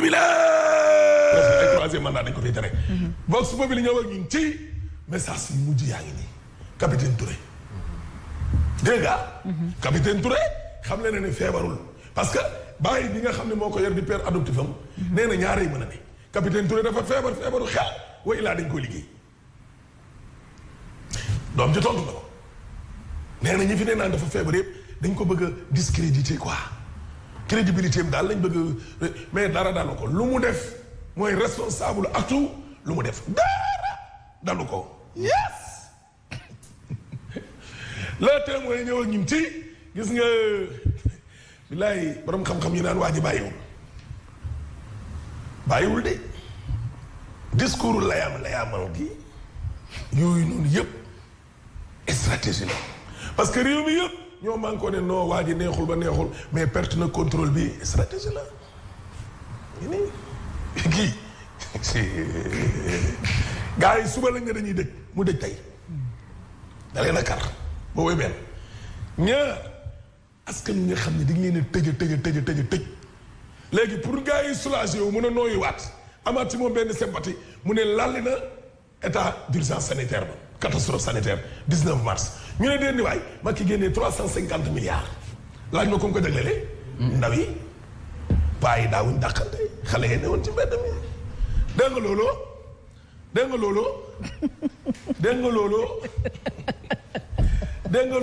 bismillah ay troisième mandat dañ ko fiy tere mhm. vox populi ñëw ak ci message yu mujj yaa ngi nii capitaine Touré mhm. xam ne ne ne feebarul parce que bàyyi bi nga xam ne moo ko yor di père adoptif am mhm. nee na ñaare yi mën a ne capitaine Touré dafa feebar feebaru xel way laa dañ ko liggéey doom ji tontu na ko nee ñi fi nee naan dafa feebar yëpp dañ ko bëgg a discréditer quoi crédibilité am daal lañ bëgg mais dara dalu ko lu mu def mooy responsable actu lu mu def dara dalu ko yes le témoin ñëw ak ñim ci gis nga billaay borom xam-xam yi naan waa ji bàyyiwul bàyyiwul de discours layaam layaamal gi yooyu noonu yëpp stratégie la parce que réew mi yëpp ñoo man ne non waa ji neexul ba neexul mais perte na controle bi stratégie la ñu nii yi suba lañ nga dañuy dëj mu dëj tey da leen a kar ba woy benn ñaar askan wi nga xam ne dañ leen a tëj tëj a tëj tëj tëj léegi pour gars yi soulagé wu mën a nooyuwaat amaat ci moom benn sympathie mu ne lalli na état d'urgence sanitaire ba catastrophe sanitaire 19 mars ñu ne déet ni waay ma ki génnee 350 milliards laaj ma ko mu ko jaglelee. ndaw yi paa yi daawuñ dàqante xale yi newoon ci mbedd mi dégg nga looloo dégg nga looloo dégg nga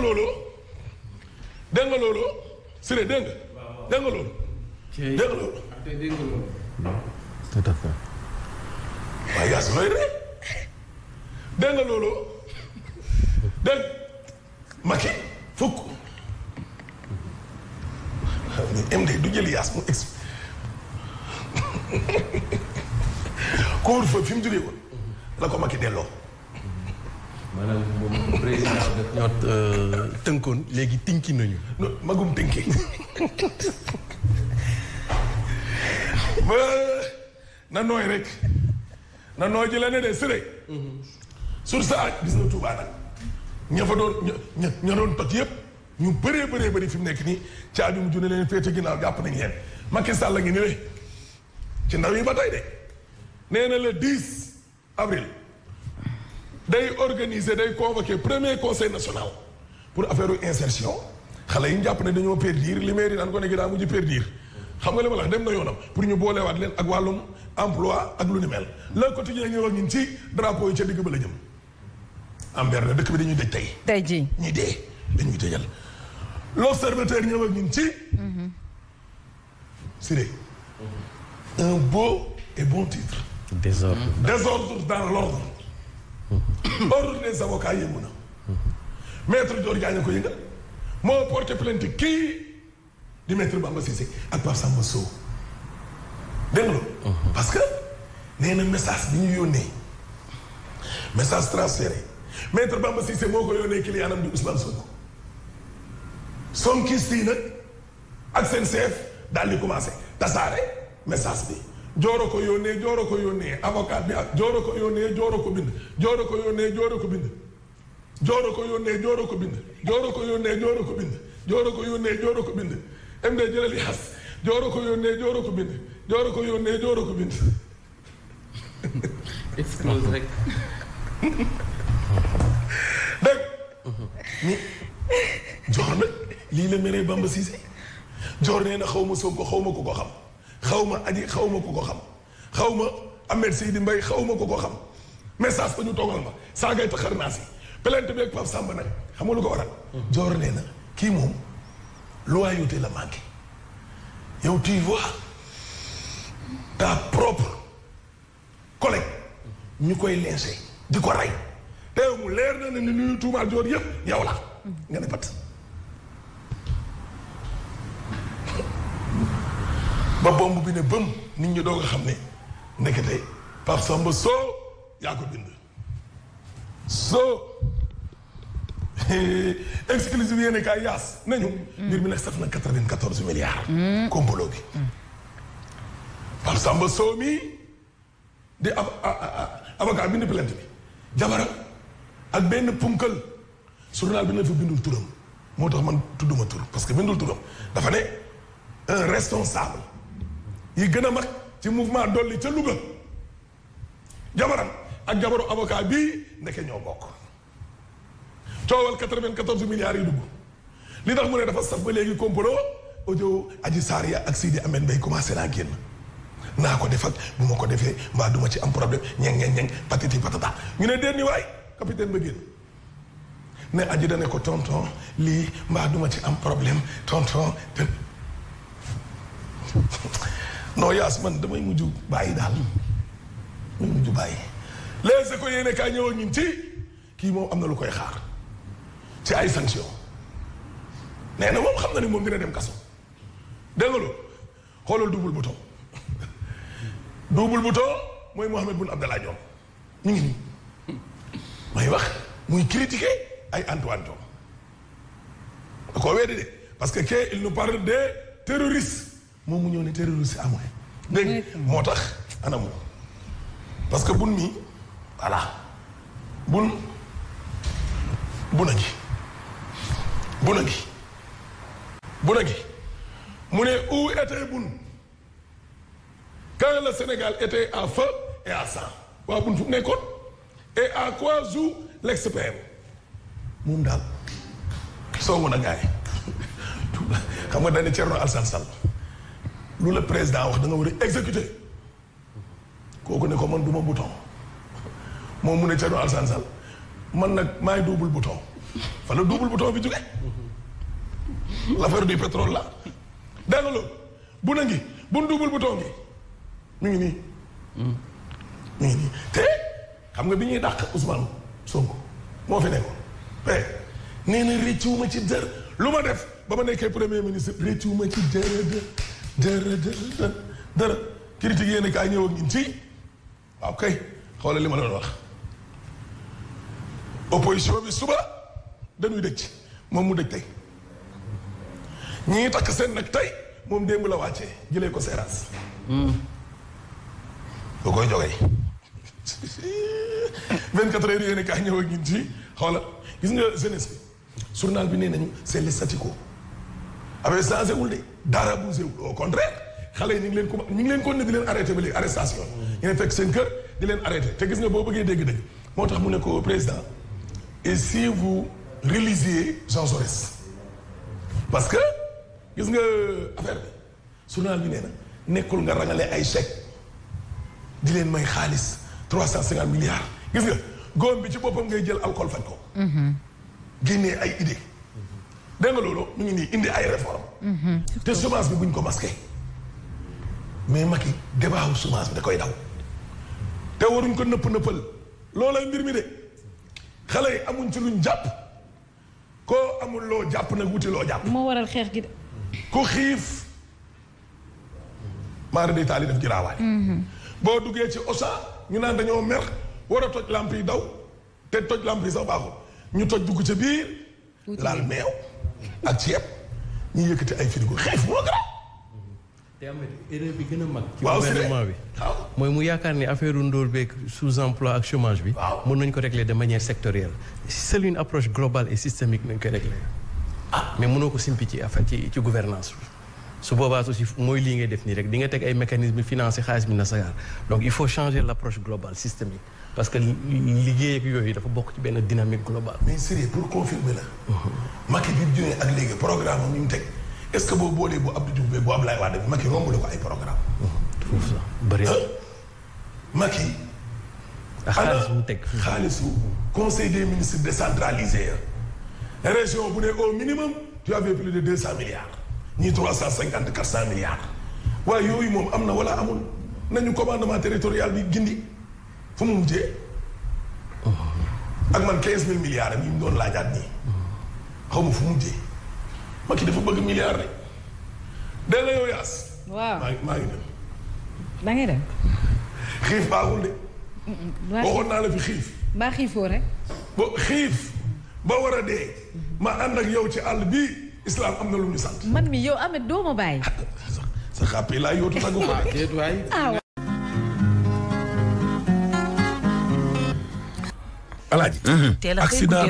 looloo dégg Siré dégg nga waaye yaa su looy rek dégg loolu dégg Macky fukk MD du jëli yaas mu ex couvre-feu fi la ko Macky delloo euh, tënkoon léegi tinki nañu magum tënki na nooy rek na nooy ji la ne de sëré sur ça gis na Touba nag ña fa doon ña ña doon toj yëpp ñu bëree bëree bëri fi mu nekk nii caabi mu junne leen féete ginnaaw jàpp nañ leen Macky Sall la ngi ñëwee ci ndaw yi ba tey de nee na le 10 avril day organiser day convoquer premier conseil national pour affaire insertion xale yi ñu jàpp ne dañoo perdir li mairie naan ko ne gi daa mujj perdir xam nga li ma la dem na yoonam pour ñu boolewaat leen ak wàllum emploi ak lu ni mel. le quotidien ngi wax ngi ci drapeau yi ca digg ba la jëm. am na dëkk bi dañuy dëj tey. tey jii ñuy dee dañuy tëjal. l'observateur ñëw ak ñun ci. Mhm. Siré. un beau et bon titre. désordre désordre dans l'ordre. Mhm. ordre des avocats yëngu na. maître Dior Diagne ko yëngal. moo porté plainte kii di maître Bamba Cissé ak Pape Samba Sow. déglu parce que nee na message bi ñu yónnee message transféré maître Bamba Cissé moo ko yónnee client am di Ousmane Sonko sonkis tii nag ak seen chef daal di commencé tasaare message bi jooro ko yónnee jooro ko yónnee ak jooro ko bind jooro ko yónnee jooro ko bind jooro ko yónnee jooro ko bind jooro ko yónnee jooro ko bind jooro ko yónnee jooro ko bind MD jëlal yaas jooro ko yónnee jooro ko bind door ko yónnee door ko bind. explose rek. dégg ni joor nag lii la meree nee na xaw ma Sonko xaw ma ku ko xam xaw ma aji xaw ma ku ko xam xaw ma Ahmed Seydi Mbaye xaw ma ku ko xam message ko ñu toogal ma saa ngay taxar naa si plainte bi ak Samba nag xam nga lu ko waral. joor nee na kii moom loyauté la manqué yow tu vois. ta propre collègue ñu koy lincé di ko rey te mu leer na ne ni nuyu tuumaal joor yëpp yow la nga ne pat ba bomb bi ne bëm nit ñu doog a xam ne nekkete par Samba Sow yaa ko soo exclusive yéene kaay yaas nañu mm. mbir mi nag saf na quatre-vingt-quatorze milliards mm. complot bi Pape Samba Sow mi di ab avocat bi bind plainte bi jabaram ak benn punkal journal bi na fa bindul turam moo tax man tudduma tur parce que bindul turam dafa ne un responsable yi gën a mag ci mouvement dolli ca Louga jabaram ak jabaru avocat bii ndeke ñoo bokk coowal quatre-vingt-quatorze milliards yi dugg li tax mu ne dafa saf ba léegi complot audio Adji Sarr ya ak Sidi Ahmed Mbaye commencé naa génn naa ko def bu ma ko defee mbaa duma ci am problème ñeng ñeng ñeng patiti patata ñu ne déet ni waay capitaine ba génn ne aju dane ko tonton lii mbaa duma ci am problème tonton te non yaas man damay mujj bàyyi daal damay mujj bàyyi les ko yéene kaa ñëw ak ñun ci kii moom am na lu koy xaar ci ay sanction nee na moom xam na ne moom dina dem kaso dégg nga loolu xoolal double bu to mooy Mouhamed Boun Abdallah Dionne ñu ngi nii may wax muy critiquer ay Antoine Diome da de parce que kee il nous parle de terroristes moom mu ñëw ne terroriste amul dégg moo tax ana moom parce que bun mi voilà bun bun a ngi bun a ngi bun a ngi mu ne où était bun quand la Sénégal était à feu et à sang waa buñ fu mu nekkoon et à quoi joue l'expert moom daal soogu na gaay xam nga dañu Thierno Alassane Sall lu la président wax danga nga war a kooku ne ko man du ma bouton moom mu ne Thierno Alassane Sall man nag maay double bouton fa la double bouton bi jóge l'affaire du pétrole la dégg nga loolu bu na ngi bu double bouton ngi mu ngi nii. mi te xam nga bi ñuy dàq Ousmane Sonko moo fi nekkoon mais nee na ma ci dër lu ma def ba ma nekkee premier ministre ma ci dërë dërë dërë dërë critique yéen a kaay ñëw ak ci waaw kay xoolal li ma doon wax opposition bi suba dañuy dëj ci moom mu dëj tey ñii takk seen nag tey moom démb la wàccee jëlee ko séerans. Hmm. da koy jogee 24 heures yéen a kaay ñëw ak ñun ci xoola gis nga jeunesse bi journal bi nee nañu c'est les statico avec changé wul de daar bougé wul au contraire xale yi ñu ngi leen ko ñu ngi leen ko ne di leen arrêté ba léegi arrestation ñu ne fekk seen kër di leen arrêté te gis nga boo bëggee dégg-dégg moo tax mu ne ko président et si vous relisiez Jean Jaurès parce que gis nga affaire bi journal bi nee na nekkul nga rangale ay chèques. di leen may xaalis trois cent cinquante milliards gis nga góom bi ci boppam ngay jël alcool faj ko. Mhm. génnee ay idée dégg loolu mu ngi nii indi ay réforme mhm. te chômage bi buñ ko masqué mais Macky débat wu chômage bi da koy daw te waruñ ko nëpp nëppal loolay mbir mi de xale yi amuñ ci luñ jàpp koo amul loo jàpp nag wuti loo jàpp. moo waral xeex gi de. ku xiif. maa ngi lay taal def giraawaay. boo duggee ci Auchan ñu naan dañoo mer war a toj lamp yi daw te toj lamp yi sax baaxul ñu toj dugg ca biir laal meew ak ceeb ñu yëkkati ay frigo xiif te am erreur bi gën a mag. ci gouvernement bi mooy mu yaakaar ni affaire ndóol beeg sous-emploi ak chômage bi. mën nañ ko régler de manière sectorielle. seule une approche globale et systémique nañ koy régler. ah mais mënoo ko simpi ci affaire ci ci gouvernance bi. su boobaa aussi mooy lii ngay def nii rek di nga teg ay mécanismes financiers xaalis mi na sagar donc il faut changer l' approche globale systémique parce que liggéey ak yooyu dafa bokk ci benn dynamique globale. mais sérieux pour confirmer la. Macky bi mu jógee ak léegi programme am ñu mu teg est ce que boo boolee bu Abdou Diouf bu Abdoulaye Wade bi Macky romb la ko ay programme foofu sax bëri na Macky. Ah, xaalis mu teg xaalisu conseil des ministres région bu ne au minimum tu avais plus milliards. ñii trois cent cinquante quatre cent milliards waaye yooyu moom am na wala amul nañu commandement territorial bi gindi fu mu mujjee oh. ak man quinze mille milliards yi mu doon laajaat nii xaw ma fu mu mujjee Macky dafa bëgg milliards rek delloo yow yaas. maa ngi maa ngi dem. xiif baaxul de. waxoon naa la fi xiif. ba war a dee. Mm-hmm. ma ànd yow ci àll bi islam am na lu ñu sant. man mi ah, sa xàppee laa yóotu tàggu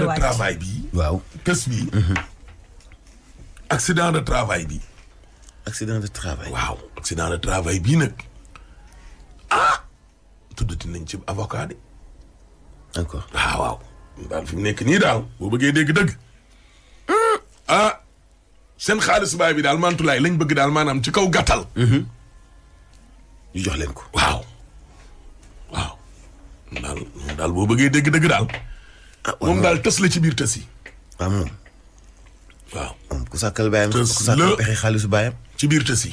ko bi. waaw kës bi. Mhm. bi. nag ah. tuddati nañ ci avocat de. Ah, waaw waaw. daal fi mu nekk nii daal boo bëggee dégg dëgg. Hmm. ah. seen xaalis baay bi daal mantulaay lañ bëgg daal maanaam ci kaw gàttal. Mhm. ñu jox leen ko. waaw waaw moom daal boo bëggee dégg-dëgg daal. Ah, moom daal tës la ci biir tës yi. moom. waaw moom ku sàkkal baayam ku pexe xaalisu baayam ci biir tës yi.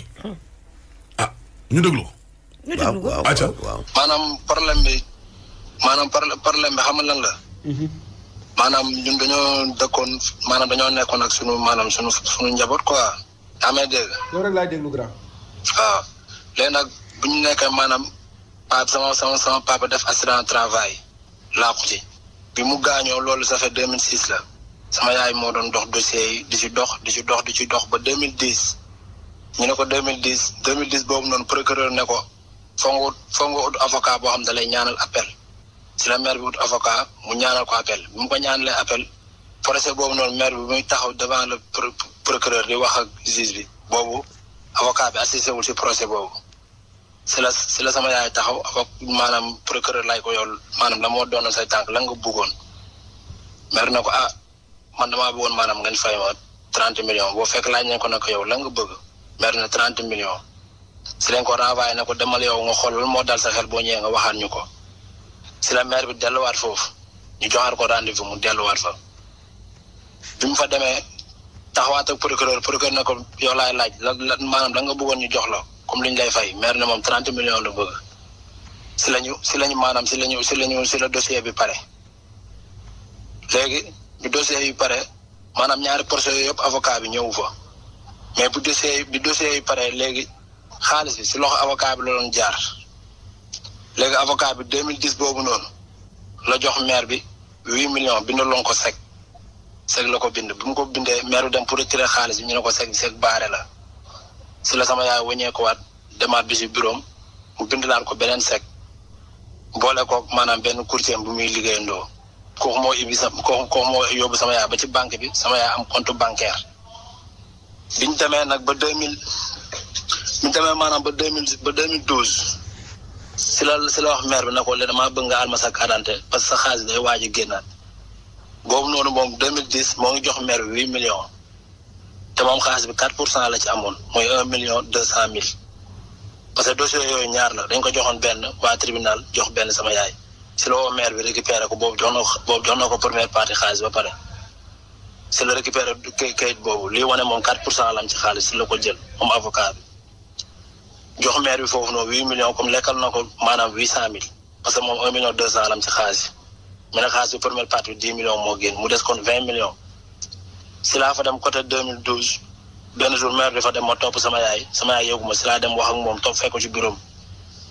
ah ñu déglu. ñu déglu ko waaw maanaam problème bi maanaam problème bi xam lan la. Mhm. maanaam ñun dañoo dëkkoon maanaam dañoo nekkoon ak sunu maanaam sunu sunu njaboot quoi. yaa may dégg. yow rek laay déglu grand. nag bu ñu nekkee maanaam papa sama sama sama papa def accident travail laaku ci bi mu gaañoo loolu ça fait 2006 la sama yaay moo doon dox dossier yi di ci dox di ci dox di ci dox ba 2010 ñu ne ko 2010 2010 boobu noonu procureur ne ko foo nga foo nga ut avocat boo xam ne ñaanal appel. si la maire bi wut avocat mu ñaanal ko appel bi mu ko ñaanalee appel procès boobu noonu maire bi muy taxaw devant le procureur di wax ak juge bi boobu avocat bi assisté si procès boobu si la si la sama yaay taxaw avoc maanaam procureur lay ko yool maanaam la moo doonoon say tànk lan nga bëggoon maire na ko ah man damaa bëggoon maanaam nga ñu fay ma trente millions boo fekk laaj nañ ko ne ko yow lan nga bëgg maire na trente milion si lañ ko renvoyé na ko demal yow nga xool lan moo dal sa xel boo ñëwee nga waxaat ñu ko si la maire bi delluwaat foofu ñu joxaat ko rendez-vous mu delluwaat fa bi mu fa demee taxawaat ak procureur procureur na ko yow laay laaj lan lan maanaam lan nga bëggoon ñu jox la comme li ñu lay fay maire ne moom trente millions la bëgg si la ñu si lañu maanaam si la ñu si la ñu si la dossier bi pare léegi bi dossier yi pare maanaam ñaari procès yooyu yëpp avocat bi ñëwu fa mais bu dossier bi dossier yi pare léegi xaalis bi si loxo avocat bi la doon jaar. léegi avocat bi 2010 boobu noonu la jox maire bi huit millions bindaloon ko sec sec la ko bind bu mu ko bindee maire bi dem pour retirer xaalis bi ñu ne ko sec bi sec baare la si la sama yaay wëñee ko waat demaat bi si bureau mu bind laat ko beneen sec boole ko maanaam benn courtier bu muy liggéeyandoo kooku moo ibbi sa kooku moo sama yaay ba ci banque bi sama yaay am compte bancaire biñ demee nag ba deux mille demee maanaam ba deux mille ba deux mille douze si la si la wax maire bi na ko leen maa bëgg nga alma sa carte parce que sa xaalis day waaj a génnaat boobu noonu moom 2010 moo ngi jox maire bi huit million te moom xaalis bi quatre pour cent la ci amoon mooy million deux cent mille parce que dossier yooyu ñaar la dañ ko joxoon benn waa tribunal jox benn sama yaay si la woo maire bi récupéré ko boobu jox na ko boobu jox na ko première partie xaalis ba pare si la récupéré kayit boobu lii wane moom quatre pour cent am ci xaalis si la ko jël moom jox maire bi foofu noonu huit millions comme lekkal na ko maanaam huit cent mille parce que moom un million deux cent lam ci xaalis bi mu ne xaalis bi fa dem côté deux mille douze dem ma topp sama yaay sama yaay yëgu ma si laa dem wax ak moom topp fekk ci bureau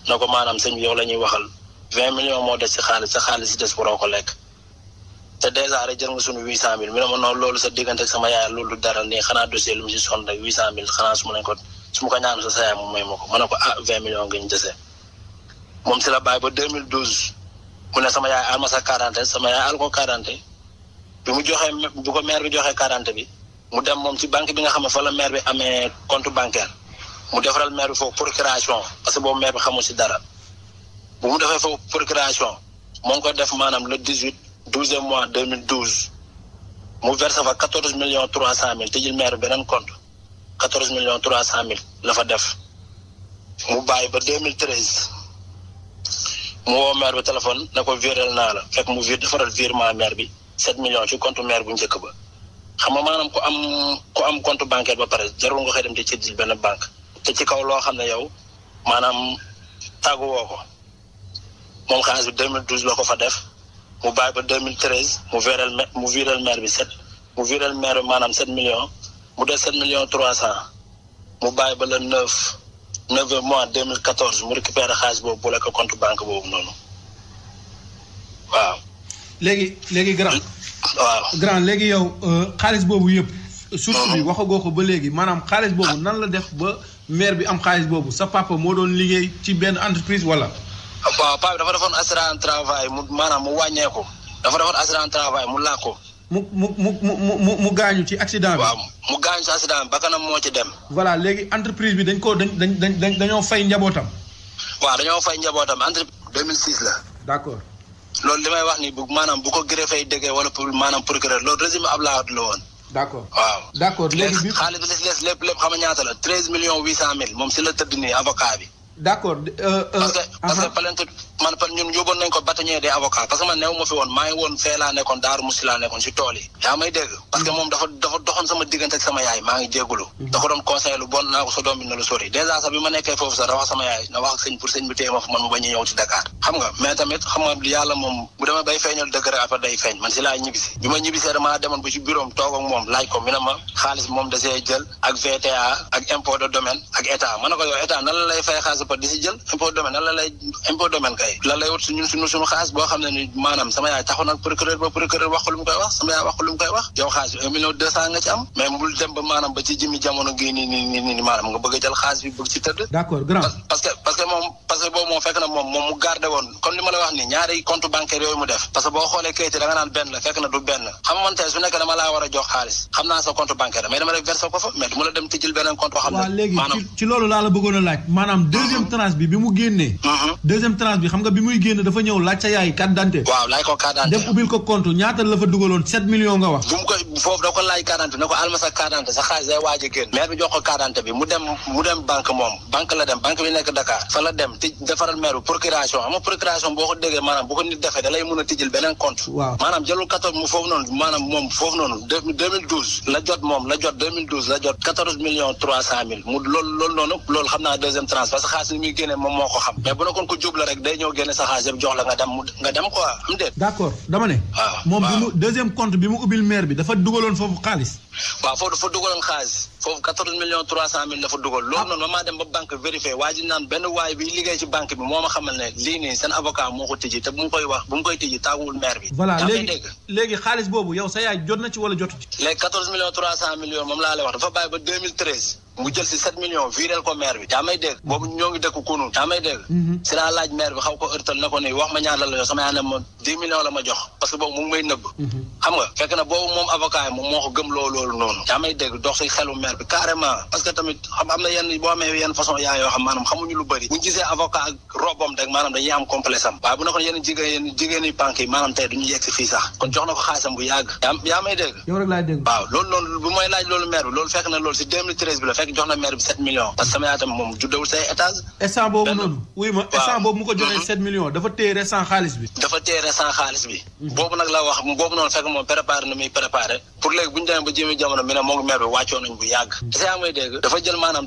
na ko maanaam sëñ bi yow la ñuy waxal vingt millions moo des si xaalis sa xaalis si des waroo ko lekk te dèjà rek jël nga suñu huit cent mille mu ne ma noonu loolu sa diggante ak sama yaay loolu dara nii xanaa dossier mu si sonn rek huit cent su ma ko ñaanal sa yaay moom may ma ko ma ne ko ah vingt millions nga ñu dese moom si la bàyyi ba 2012 mu ne sama yaay al ma sa quarante sama yaay al ko quarante bi mu joxee bi ko maire bi joxee quarante bi mu dem moom ci banque bi nga xam ne fa maire bi amee compte bancaire mu defaral maire bi foofu procuration parce que boobu maire bi xamul si dara bu mu defee foofu procuration moo ngi ko def maanaam le 18 12e mois deux mu versé fa 14 millions 300 mille te jël maire bi beneen compte. quatorze million trois cent mille la fa def mu bàyyi ba deux mille treize mu woo maire bi téléphone ne ko virel naa la fekk mu vir defaral virement maire bi sept millions ci compte maire bu njëkk ba xam nga maanaam ku am ku am compte bancaire ba pare jarul nga xëy dem di ci di benn banque te ci kaw loo xam ne yow maanaam tàggu woo ko moom xaalis bi 2012 la ko fa def mu bàyyi ba 2013 mu virel mu virel maire bi sept mu virel maire bi maanaam sept millions mu des sept trois cent mu bàyyi ba le neuf neuf mois deux mille quatorze mu récupéré xaalis boobu bu la ko compte banque boobu noonu waaw. léegi léegi grand. waaw grand léegi yow euh, xaalis boobu yëpp. source bi mhm. waxagoo ko ba léegi maanaam xaalis boobu nan la def ba maire bi am xaalis boobu sa papa moo doon liggéey ci benn entreprise wala. waaw papa bi dafa defoon assurance travail mu maanaam mu wàññeeku dafa defoon assurance travail mu làkk ko mu mu mu mu mu gaañu ci accident bi. waaw mu gaañu ci accident bi kanam moo ci dem. voilà léegi entreprise bi dañ koo dañ dañ dañ dañoo fay njabootam. waaw dañoo fay njabootam entreprise. 2006 la. d'accord. loolu li may wax ni bu maanaam bu ko greffé déggee wala pour maanaam procureur loolu résumé Abdoulaye Wade la woon. d'accord waaw. d'accord léegi bi xaalis bi lépp lépp xam ñaata la 13 millions 800 mille moom si la tëdd nii avocat bi. d' euh, euh, parce que parce man parce que man néew ma fi woon maa woon fee nekkoon Daaru Musi laa nekkoon si tool yaa may dégg. parce que mm-hmm. moom dafa doxoon sama diggante sama yaay maa ngi jégalu. Mm-hmm. dafa doon conseil bon naa ko sa lu sori dèjà sax bi ma nekkee foofu sax da wax sama yaay na wax ak sëñ pour bi téye ma man mu bañ a ñëw ci xam nga mais tamit xam nga yàlla moom bu demee bay feeñal dëgg rek day feeñ man si laa ñibbisi bi support si jël impôt domaine lan la lay impôt domaine kay lan lay wut ñun suñu suñu xaalis boo xam ne ni maanaam sama yaay taxoon ak procureur ba procureur wax mu koy wax sama yaay wax mu koy wax yow xaalis bi bëgg ci tëdd d'accord grand parce que parce que moom parce que boobu moom fekk na moom moom mu gardé woon comme li ma la wax ni ñaari compte bancaire yooyu mu def parce que boo xoolee kayit da nga naan benn la fekk na du benn xam man tey su deuxième tranche bi bi mu génnee. Uh-huh. deuxième tranche bi xam nga bi muy génn dafa ñëw laaj sa yaay carte waaw laaj ko carte dem ubbil ko compte ñaata la fa dugaloon 7 millions nga wax. bu mu ko foofu da ko laaj carte ne ko alma sa sa xaalis day waaj génn. maire bi jox ko carte bi mu dem banque moom banque la dem banque bi nekk Dakar. fa la dem tij defaral maire bi procuration xam nga procuration boo ko déggee maanaam bu ko nit defee da xaalis bi muy moom moo ko xam mais bu nekkoon ko jub rek day ñëw génne sa xaalis yëpp jox la nga dem nga dem quoi dama ne. Ah, moom bi mu deuxième compte bi mu ubbil maire bi dafa dugaloon foofu xaalis. waaw foofu dafa xaalis foofu 14 millions 300 mille dafa ah. moom laa lay wax dafa bàyyi ba 2013 mu jël si 7 millions viréel ko maire bi yaa may dégg boobu ñoo ngi dëkk kunu yaa may dégg mhm. si laa laaj maire bi xaw ko ërtal na ko wax ma ñaar la la jox sama yaa ne ma 10 la ma jox parce que boobu mhm. moom may dégg dox yenn façon yaa xam maanaam xamuñu lu bëri bu gisee avocat ak robam maanaam dañuy am complexe am waaye bu nekkoon yenn jigéen yenn yi pànk yi maanaam tey yegg si fii sax kon jox na ko xaalisam bu yàgg yaa may dégg waaw fekk jox na maire bi 7 millions. parce que sama yaay tam moom juddewul say étage. instant boobu noonu. oui ma instant boobu mu ko joxee 7 mhm. millions dafa téye restant xaalis bi. dafa téye restant xaalis bi. Mhm. boobu nag la wax boobu noonu fekk moom préparé na muy préparé. pour léegi bu ñu demee ba jëmi jamono mi ne moom maire bi wàccoon nañ bu yàgg. Mhm. te saa dégg dafa jël maanaam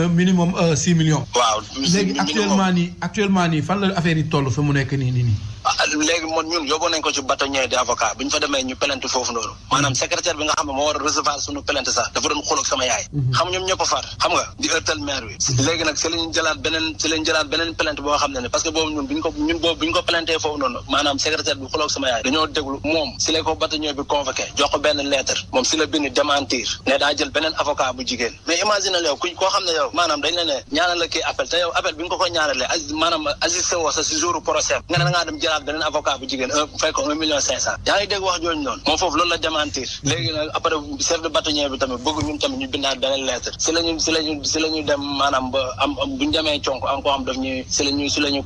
minimum minimum euh, six millions. waaw léegi actuellement nii actuellement nii fan la affaire yi toll fi mu nekk nii nii nii. léegi moom ñun yóbbu nañ ko ci bâtonnier di avocat bi fa demee ñu plainte foofu noonu hmm. maanaam secrétaire bi nga xam ne moo hmm. hmm. ñun ñun boobu ñu ko plainte foofu noonu maanaam secrétaire bi xuloog sama yaay dañoo déglu moom si la ko bâtonnier bi convoqué jox benn lettre moom si la bind démentir ne daa jël beneen avocat bu jigéen mais imagine yow ku koo xam ne yow maanaam dañ la ne ñaanal la appel te yow appel bi ko koy ñaanalee maanaam sa si ak beneen avocat bu jigéen un fay ko un million cinq cent yaa ngi dégg wax jooju noonu moom foofu loolu la démentir léegi nag après chef de bâtonnier bi tamit bëgg ñun tamit ñu bindaat beneen lettre si la ñu si la ñu si la ñu demee conk am koo xam daf ñuy si la ñuy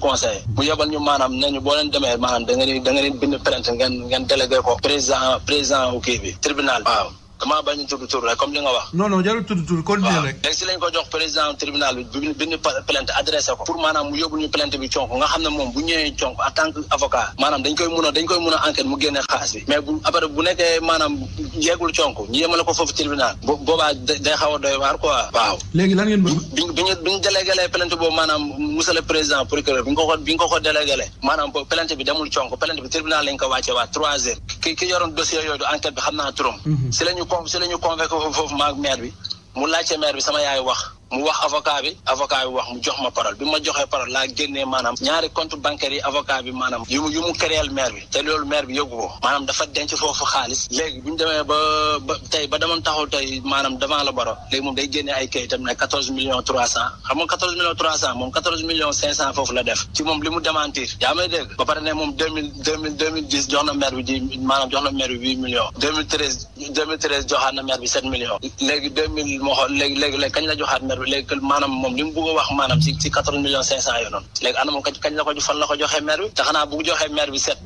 bu yebal ñu maanaam nañu boo leen demee maanaam da ngeen da ngeen bind plainte ngeen ngeen délégué ko président président kii bi waaw damaa bañ a tudd tur rek wax. non non jarul tudd tur continuer rek. léegi si lañ ko jox président tribunal bi bi bind plainte ko. pour maanaam mu yóbbu ñu bi conk nga xam ne moom bu ñëwee conk en tant que avocat. dañ koy mun a mu génne xaalis bi. mais bu après bu nekkee conk ñu ko foofu tribunal. bo boobaa xaw a doy waar quoi. waaw léegi lan ngeen bëgg. bi bi ñu bi ñu délégué président procureur bi nga bi nga ko ko délégué bi demul conk ñu con si la ñu convoqué foofu maag maire bi mu laajte maire bi sama yaay wax mu wax avocat bi avocat bi wax mu jox ma parole bi ma joxee parole laa génnee maanaam ñaari compte bancaire yi avocat bi maanaam yu mu yu mu bi te loolu maire bi yóbbu ko maanaam dafa denc foofu xaalis léegi bu ñu demee taxaw tey maanaam devant la baro léegi moom day génnee ay kayitam ne quatorze millions trois cent xam nga quatorze millions trois cent moom quatorze millions cinq la def mu démentir yaa may dégg ba pare ne moom deux mille deux mille dix joxaat na maire bi sept millions léegi deux mille moo léegi léegi kañ la joxaat affaire bi léegi maanaam moom a wax maanaam si si quatorze millions cinq cent yoo noonu léegi ana moom kañ la ko fan la ko joxee maire bi te xanaa bu set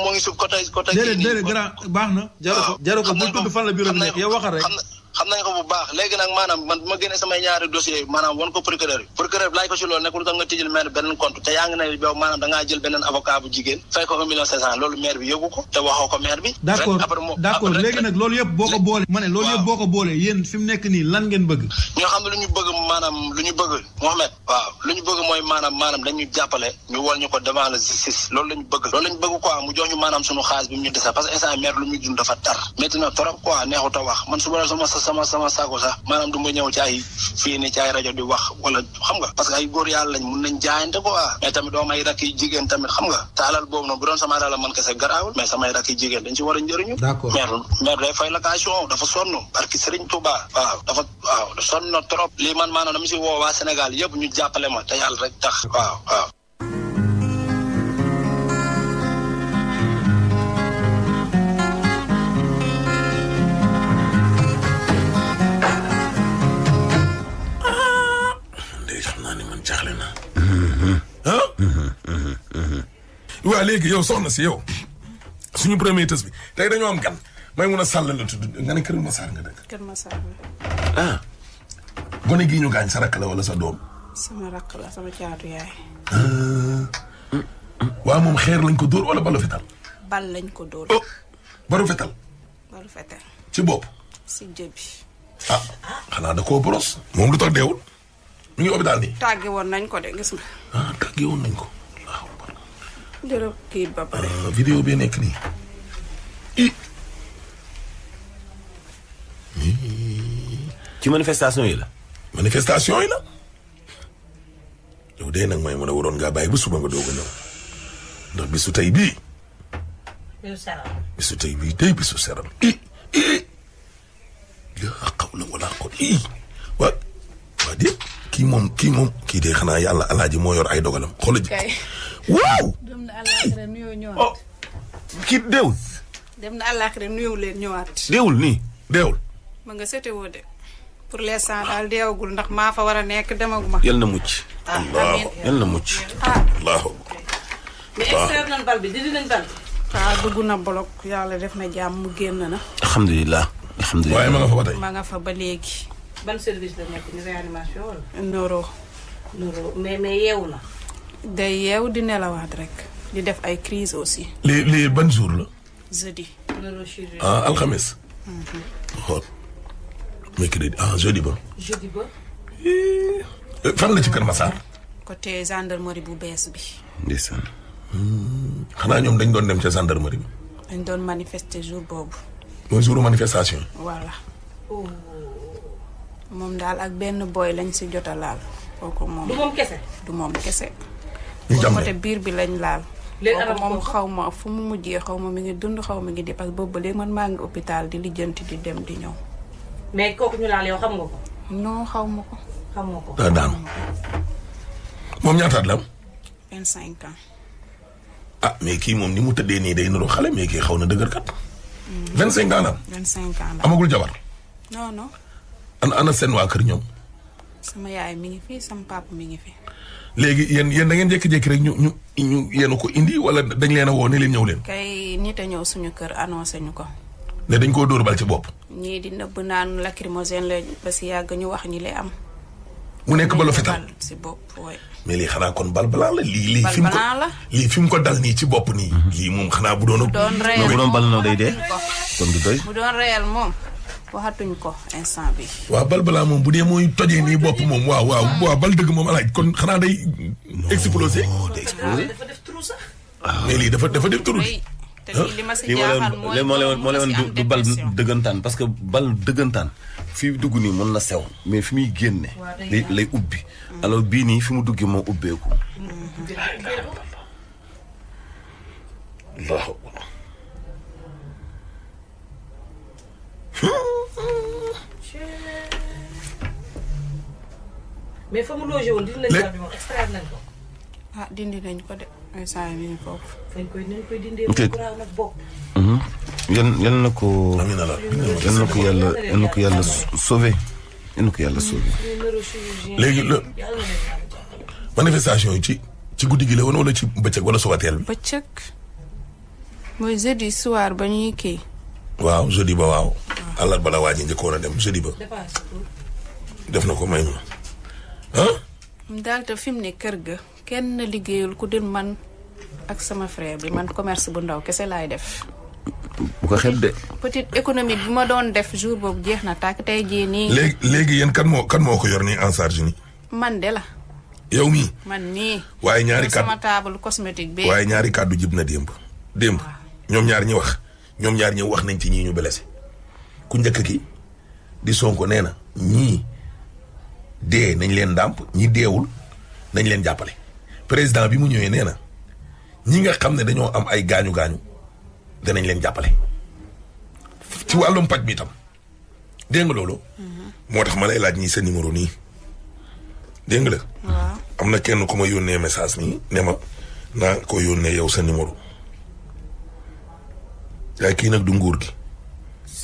moom moo ngi su côté côté. déedéet déedéet grand baax na. jaru ko jaru ko bu tudd fan la bureau bi nekk yow waxal rek. xam nañ ko bu baax léegi nag maanaam man bu ma génnee samay ñaari dossiers maanaam wan ko procureur bi procureur ko ci loolu nekkul tijjal maire beneen compte te yaa ngi ne yow maanaam léegi nag loolu yëpp boo ko boole ma loolu yëpp boo ko boole yéen fi mu nekk nii lan ngeen bëgg ñoo xam ne lu ñu bëgg maanaam lu ñu bëgg Mohamed waaw lu ñu bëgg mooy maanaam maanaam dañu jàppale ñu wol ñu ko devant la justice loolu lañu bëgg loolu lañu bëgg quoi mu jox sama sama saako sax maanaam du ma ñëw ci ay fii ni ci ay rajo di wax wala xam nga parce que ay góor yàlla lañ mun nañ jaayante quoi mais tamit doo may rakk yi tamit xam nga te alal boobu noonu bu doon sama alal man kese garaawul mais samay rakk yi jigéen dañ ci war a njëriñu maire maire day fay location dafa sonn barki Serigne Touba waaw dafa waaw sonn na trop lii man maanaam dama si woo Sénégal yëpp ñu jàppale ma te yàlla rek tax waaw waaw cas léegi yow soxna si yow suñu premier tës bi tey dañoo am gan may mun a sàll la tudd nga ne Kër Massar nga dëkk. Kër Massar ah gone gii ñu gaañ sa rakk la wala sa doom. sama rakk la sama caatu yaay. Ah. waa moom xeer lañ ko dóor walla balu fetal. bal lañ ko dóor. oh balu fetal. balu fetal. ci bopp. si jëbi. ah xanaa da koo boros. moom lu tax deewul. mu ngi hôpital nii. tàgge woon nañ ko de gis nga. ah woon nañ ko. dërëm kii ba euh, nekk nii. ci manifestation yi la. manifestation yi la. yow de nag may mun a waroon ngaa bàyyi ba suba nga doog a ñëw ndax bisu tey bii. bisu tey bii tey bisu seral. laa xawla wala ko waa waa de kii moom kii moom kii de xanaa yàlla alaaji moo yor ay dogalam xoolal ji. waaw. dem na àllaaxira nuyoo ñëwaat. Oh. kii deewul. dem deewul nii deewul. ma nga sete woo de. pour l'instant daal deewagul ndax maa fa war a nekk demaguma. yal na mucc. Ah, allah yal na mucc. Ah. yàlla def na jàmm mu génn na. alhamdulilah. alhamdulilah waaye ma nga fa ba tey. ma nga fa ba léegi. ban la day yeew di nelawaat rek di def ay crise aussi. lii lii ban jour la. jeudi. ah alxames. xool mercredi ah jeudi ba. jeudi ba. Eh, bu bees bi. ndeysaan. xanaa ñoom dañ doon dem ca gendarmerie bi. dañ doon manifester jour boobu. mooy jour manifestation. voilà. Oh. moom daal ak benn boy lañ si jot a laal. kooku moom du moom kese. côté biir bi lañ laal moom xaw ma fu mu mujjee xaw ma mi ngi dund xaw ma ngi di parce que ba léegi man maa ngi hôpital di lijjanti di dem di ñëw mais kooku ñu laal xaw ma ko xam nga ko vingt cinq ans ah mais kii moom ni mu tëddee nii day niru xale mais kii xaw na dëgër kat mm. vingt cinq ans amagul jabar non ana ana seen waa kër ñoom sama yaay mi ngi fii sama papa mi ngi fi léegi yéen yéen da ngeen jékki-jékki rek ñu ñu ñu yéen ko indi wala dañ leen a woo ne leen ñëw leen. kay nit a ñëw suñu kër annoncé ñu ko. ne dañ koo dóor bal ci bopp. ñii di nëbb naan lacrymogène la ba si yàgg ñu wax ñi lay am. mu nekk balu fetal si bopp waay. mais lii xanaa kon bal balaa la lii lii. fi mu ko ko dal nii ci bopp nii. Mhm. lii moom xanaa bu doon. bu doon reyal moom bal na day dee. kon bu doon reyal moom. waxatuñ ko instant bi waaw bal balaa moom bu dee mooy tojee nii bopp moom waaw waaw waaw bal dëgg moom alaaj kon xanaa day explosé ah, ah. mais lii dafa dafa def turu li ma si jaaxal moo leen moo leen du bal dëggantaan parce que bal dëggantaan fii dugg nii mën na sew mais fi muy génne lay lay ubbi alors bii nii fi mu duggee moo ubbeeku mm-hmm. mais fa dindi nañu ah dindi nañ ko de ay saa yi ñu foofu. fañ koy nañ koy dindee. ko. amiin na na ko yàlla na ko yàlla sauvé yan na ko yàlla sauvé. Mm, léegi la manifestation yi ci ci guddi gi la woon wala ci bëccëg wala subateel bi. bëccëg mooy jeudi soir ba ñuy kii. waaw jeudi ba waaw. Ah. àllarba la waa ji njëkkoon a dem jeudi ba. def na ko may ma ah. daal te fi mu ne kër ga kenn liggéeyul ku dul man ak sama frère bi man commerce bu ndaw kese laay def. bu ko xeeb de. petite économie bi ma doon def jour boobu jeex na tàkk tey jii nii. léegi léegi yéen kan moo kan moo ko yor nii en charge nii. man de la. yow mii. man nii. waaye ñaari kàddu sama bi. waaye ñaari kàddu jib na démb. démb ñoom ñaari ñi wax ñoom ñaar ñi wax nañ ci ñii ñu blessé. ku njëkk ki di Sonko nee na ñii dee nañ leen dàmp ñi deewul nañ leen jàppale président bi mu ñëwee nee na ñi nga xam ne dañoo am ay gaañu gaañu danañ leen jàppale ci wàllum paj bi tam dégg nga loolu. Mhm. moo tax ma lay laaj ñii sa numéro nii dégg nga la. am na kenn ku ma yónnee message nii ne ma naa ko yónnee yow sa numéro. yaa kii nag du nguur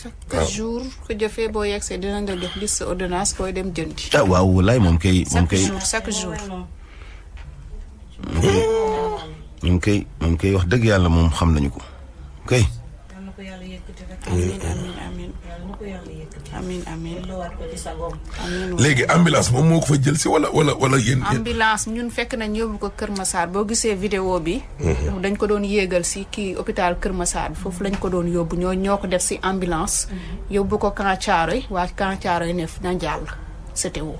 chaque ah. jour ku jëfee boo see dinañ la jox liste ordonnance koy dem jëndi. ah waaw walaay moom kay. moom kay chaque jour chaque jour. moom kay moom kay wax dëgg yàlla moom xam nañu ko kay. amiin amiin léegi ambulance moom moo ko fa jël si wala wala wala yéen. ambulance ñun fekk nañ yóbbu ko Kër masaar boo gisee vidéo bi. Mhm. dañ ko doon yéegal si kii hôpital Kër Massar foofu lañ ko doon yóbbu ñoo ñoo ko def si ambulance. Mhm. yóbbu ko Camp Thiaroye waa Camp yi ne na jàll CTO.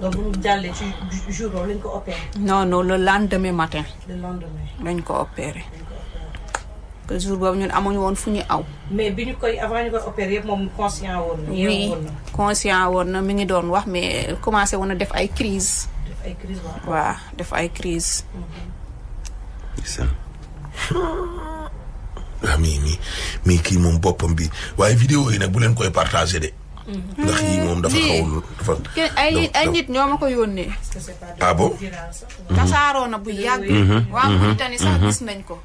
donc bu ñu jàllee lañ ko opéré. non non le lendemain matin. lañ ko opéré. que jour boobu ñun amuñu woon fu ñu aw. mais bi ñu koy avant ñu moom conscient woon na. oui woon na mi ngi doon wax mais commencé woon na def ay crise def ay crise waaw def ay crise c'est mm-hmm. ah, kii moom boppam bi waaye vidéo yi nag bu leen koy partagé de. Mm-hmm. ndax yii moom dafa mm-hmm. xawul dafa. ay ay nit ñoo ma ko yónnee. ah bon. tasaaroo na bu yàgg. waa Mauritanie sax gis nañ ko.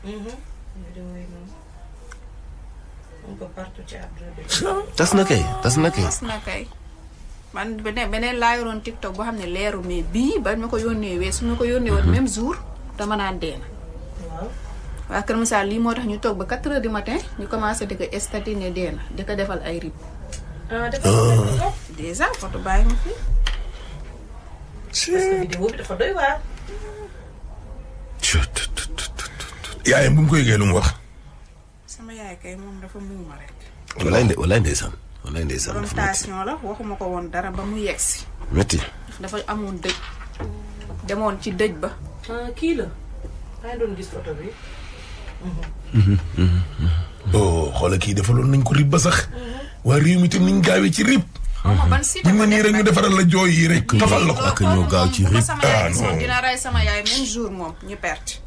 tas na kay tas na kay. tas man beneen beneen laa TikTok boo xam ne leeru mais bii ba ma ko yónnee wee su ma ko yónnee woon même jour dama naan dee na. waaw. waa Kër Moussa lii moo tax ñu toog ba 4 heures du matin ñu commencé di ko statiner dee na di ko defal ay rib. ah dafa dèjà foto bàyyi ma fi. yaayam bu mu ko yëgee lu mu wax. sama yaay kay moom dafa muuma rek. walaay ndey walaay ndeysaan walaay ndeysaan la waxuma ko woon dara ba mu yegsi. métti. dafa amoon dëj. demoon ci dëj ba. Ah, kii la. doon gis bi. Mm-hmm, mm-hmm, mm-hmm. oh xoolal kii defaloon nañ ko rib ba sax. waa réew mi tam niñ gaawee ci rib. bu ñu nii rek ñu defaral la jooy yi rek. tafal la ko ak ñoo gaaw ci rek dina rey sama yaay même jour moom ñu perte.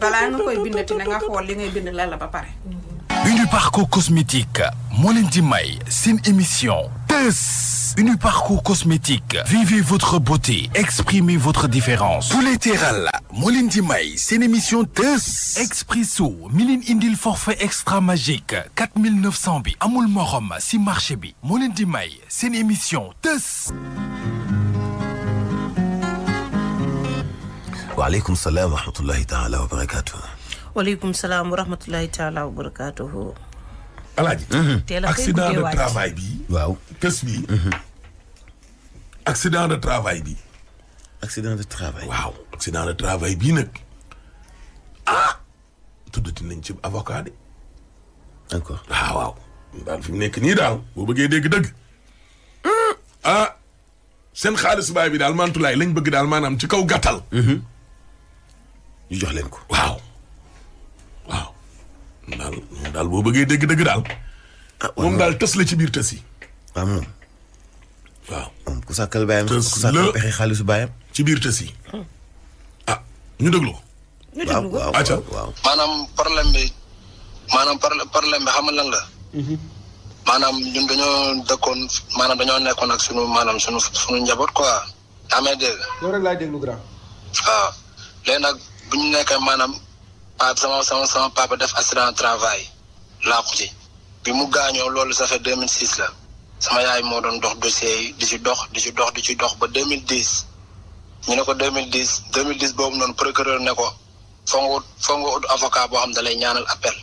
balaa nga koy bindati na nga xool li ngay bind la la ba pare. Uniparco cosmétique moo leen di may seen émission Teuss. Uniparco cosmétique vivez votre beauté exprimez votre différence Tuleteral moo leen di may seen émission Teuss Expresso mi leen indil forfait extra magique bi amul morom si marché bi moo leen di may seen émission Teuss waaleykum salaam wa rahmatullahi taala wa barakaatu waaleykum salaam wa rahmatullahi taala wa barakaatu alaaji accident de travail bi waaw tës bi mhm. accident de travail bi. accident de travail. waaw accident bii nag ah tuddati nañ ci avocat de. d'accord waaw ah, waaw. daal fi mu nekk nii daal boo bëggee dégg dëgg hmm. ah seen xaalis baay bi daal mantulaay lañ bëgg daal maanaam ci kaw gàttal. Mhm. ñu jox leen ko. waaw waaw. daal daal boo bëggee dégg dëgg daal. Ah, moom daal tës la ci biir tës waaw ku sàkkal baayam ku sàkkal pexe xaalisu baayam ci biir tës yi hmm. ah ñu déglu ko waaw maanaam problème bi maanaam problème bi xamal lan la mhm. maanaam ñun dañoo dëkkoon maanaam dañoo nekkoon ak sunu maanaam sunu sunu njaboot quoi amee dégg loolu rek ah, nag bu ñu nekkee maanaam papa ah, sama sama sama papa def accident travail laa ko ci bi mu gaañoo loolu ça fait deux la sama yaay moo doon dox dossier yi di ci dox di ci dox di ci dox ba 2010 ñu ne ko 2010 2010 boobu noonu procureur ne ko foo nga foo nga boo xam da lay ñaanal appel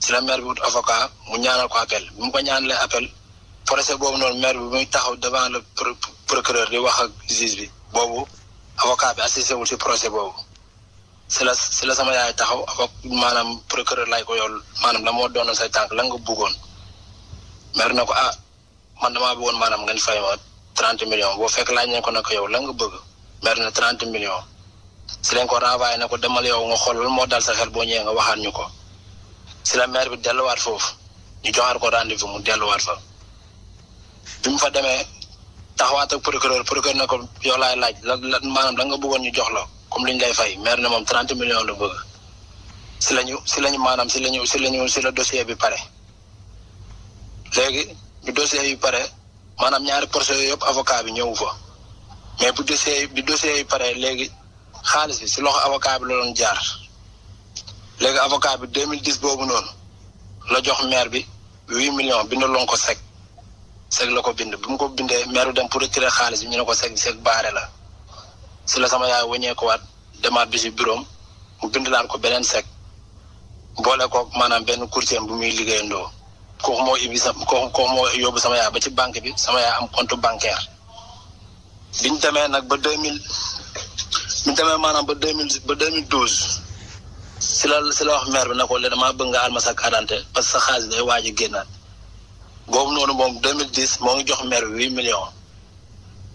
si la maire bi ut avocat mu ñaanal ko appel bu mu ko ñaanalee appel procès boobu noonu maire bi muy taxaw devant le procureur di wax ak juge bi boobu avocat bi assisté wul si procès boobu si la si la sama yaay taxaw avoc maanaam procureur lay ko yool maanaam la moo doon say tànk la nga bëggoon maire ko ah man damaa bëggoon maanaam ngeen fay ma trente millions boo fekk laaj nañ ko ne ko yow la nga bëgg mer na trente millions si lañ ko renvoyé na ko demal yow xool moo dal sa xel boo ñëwee nga waxaat ñu ko si la maire bi delluwaat foofu ñu joxaat ko rendez-vous mu delluwaat fa bi mu fa demee taxawaat ak procureur procureur na ko yow laay laaj la maanaam la nga bëggoon ñu jox la comme li ñu lay fay maire ne moom trente million la bëgg si lañu si lañu maanaam si lañu si lañu si la dossier bi pare léegi bi dossier yi pare maanaam ñaari procès yooyu yëpp avocat bi ñëwu fa mais bu dossier bi dossier yi pare léegi xaalis bi si loxo avocat bi la doon jaar léegi avocat bi 2010 boobu noonu la jox meer bi million huit millions bindaloon ko sec sec la ko bind bu mu ko bindee maire bi dem pour retirer xaalis bi ñu ne ko sec sec baare la si la sama yaay wëññee ko waat demaat bi si bureau mu bindalaat ko beneen sec boole ko maanaam benn courtier bu muy liggéeyandoo. kooku moo ibbi sa kooku moo yóbbu sama yaay ba ci banque bi sama yaay am compte bancaire biñ demee nag ba deux mille biñ demee maanaam ba deux mille ba deux mille douze si la si la wax maire bi na ko léegi damaa bëgg nga alma sa carte d'identité parce que sa xaalis day waaj a génnaat boobu noonu moom deux mille dix moo ngi jox maire bi huit millions